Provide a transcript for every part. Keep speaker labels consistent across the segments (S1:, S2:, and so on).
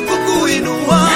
S1: kukuinua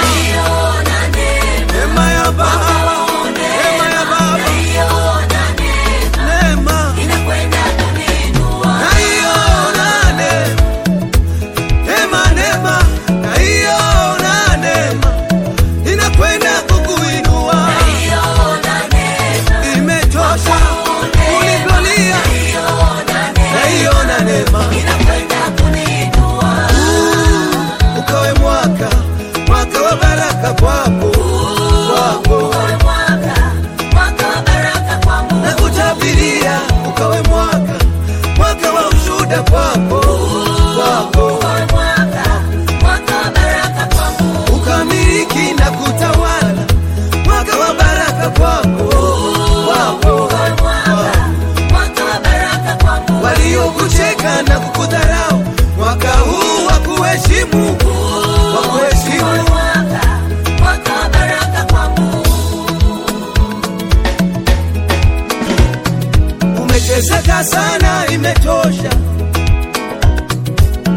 S1: Umelia sana imetosha,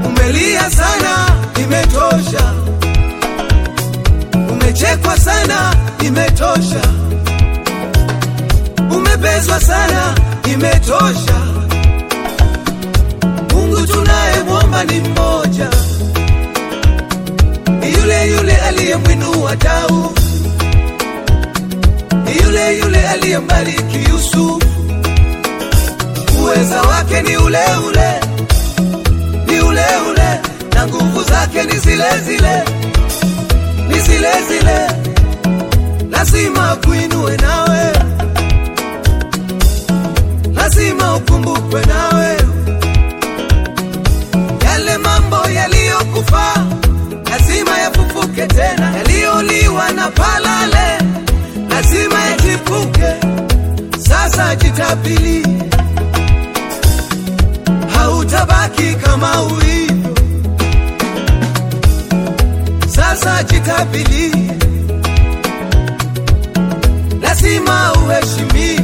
S1: umelia sana imetosha, umechekwa sana imetosha, umebezwa sana imetosha. Mungu mwomba ni mmoja, yule yule aliyemwinua Daudi, yule yule aliyembariki Yusufu uweza wake ni ule ule, ni ule ule, na nguvu zake ni zile zile, ni zile zile, lazima kuinue nawe, lazima ukumbukwe nawe yale mambo yaliyokufaa lazima yafufuke tena, yaliyoliwa na palale lazima yatipuke. Sasa jitapili utabaki kama ulivyo. Sasa jikabili, lazima uheshimii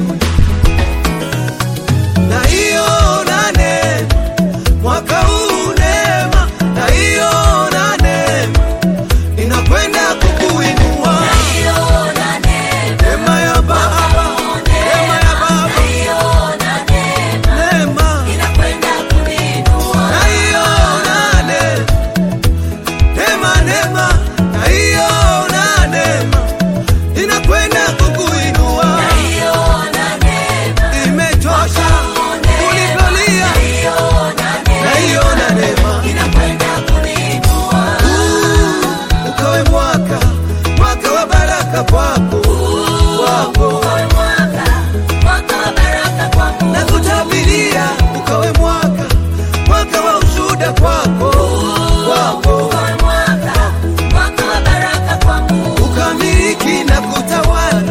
S1: umiliki kutawala,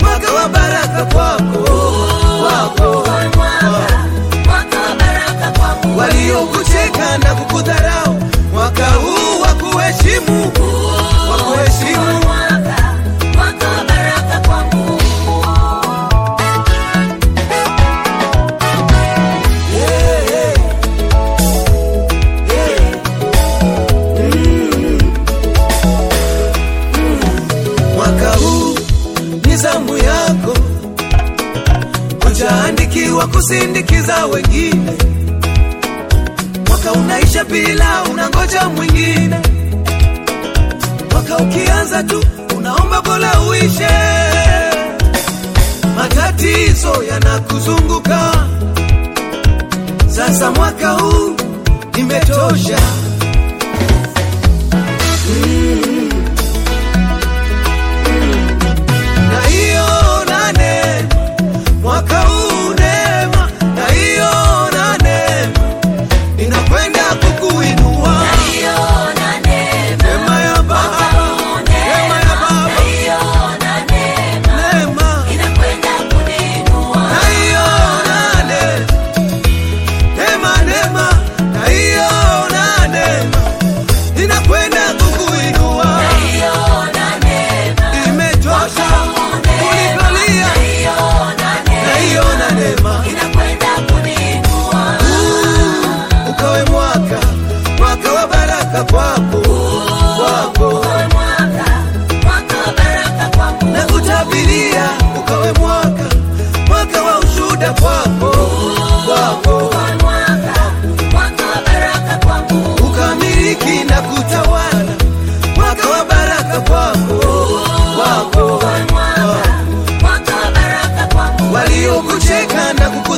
S1: mwaka wa baraka kwako, waliokucheka na kukudharau, mwaka huu wa kuheshimu hujaandikiwa kusindikiza wengine. Mwaka unaisha bila unangoja mwingine, mwaka ukianza tu unaomba bora uishe. Matatizo yanakuzunguka sasa, mwaka huu imetosha. kana kuku